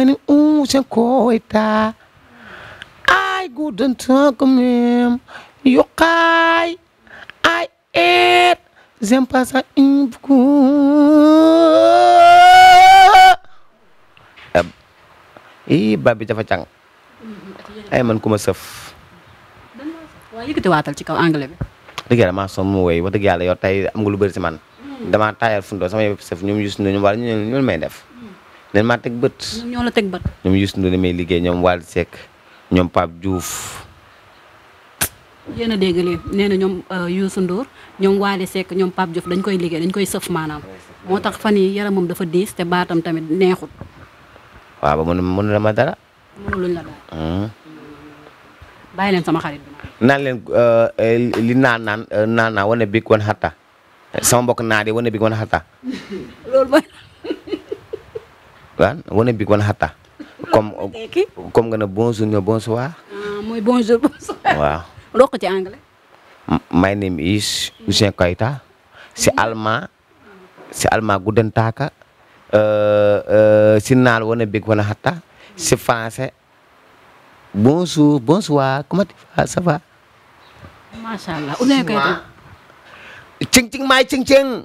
tiny ocean koita. I couldn't talk him. You kai. I ate. Zem pasa imbuku. Ih, babi dafa cang. ay man ku ma sëf. waaw yëkkatiwaatal ci kaw anglais bi. dëgg yàlla maa sonn mu woy wax dëgg yàlla yow tey am nga lu bëri si man. damaa taayal fundoo sama yëpp sëf ñoom yus nañu wala ñu ne may def. dañ maa teg bët. ñoom ñoo la teg bët. ñoom Youssou Ndour liggéey ñoom Wally sekk ñoom paab Diouf. yéen a dégg leen nee na ñoom euh, Youssou Ndour ñoom Wally Seck ñoom Pape Diouf dañ koy liggéey dañ koy sëf maanaam moo tax fan yi yaramam dafa diis te baatam tamit neexut. waaw ba mënu mënu ma dara. mënuluñ la hmm. bàyyi leen sama xarit bi. naan leen euh, li naan naan euh, naan naa wane big wan xatta sama mbokk naa de wane big wan xatta loolu mooy. waaw wane bi kon xatta comme comme nga ne bonjour ñoo bonsoir. Ah, name is Ouzin Keita si mm-hmm. allemand si allemand gudden taaka euh, euh, si naal wane big wane xatta si mm-hmm. français bonjour bonsoir comment tu vas ça cing cing maay cing cing.